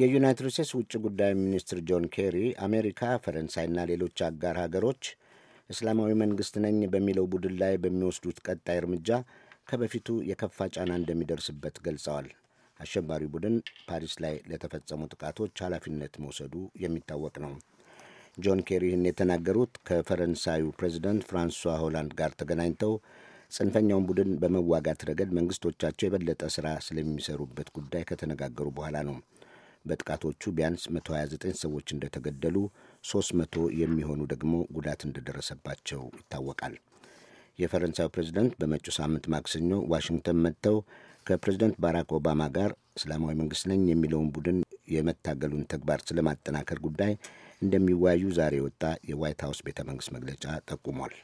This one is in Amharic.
የዩናይትድ ስቴትስ ውጭ ጉዳይ ሚኒስትር ጆን ኬሪ አሜሪካ፣ ፈረንሳይና ሌሎች አጋር ሀገሮች እስላማዊ መንግሥት ነኝ በሚለው ቡድን ላይ በሚወስዱት ቀጣይ እርምጃ ከበፊቱ የከፋ ጫና እንደሚደርስበት ገልጸዋል። አሸባሪ ቡድን ፓሪስ ላይ ለተፈጸሙ ጥቃቶች ኃላፊነት መውሰዱ የሚታወቅ ነው። ጆን ኬሪ ይህን የተናገሩት ከፈረንሳዩ ፕሬዚደንት ፍራንሷ ሆላንድ ጋር ተገናኝተው ጽንፈኛውን ቡድን በመዋጋት ረገድ መንግስቶቻቸው የበለጠ ስራ ስለሚሰሩበት ጉዳይ ከተነጋገሩ በኋላ ነው። በጥቃቶቹ ቢያንስ 129 ሰዎች እንደተገደሉ፣ 300 የሚሆኑ ደግሞ ጉዳት እንደደረሰባቸው ይታወቃል። የፈረንሳዩ ፕሬዚደንት በመጪው ሳምንት ማክሰኞ ዋሽንግተን መጥተው ከፕሬዚደንት ባራክ ኦባማ ጋር እስላማዊ መንግስት ነኝ የሚለውን ቡድን የመታገሉን ተግባር ስለማጠናከር ጉዳይ እንደሚወያዩ ዛሬ የወጣ የዋይት ሀውስ ቤተ መንግስት መግለጫ ጠቁሟል።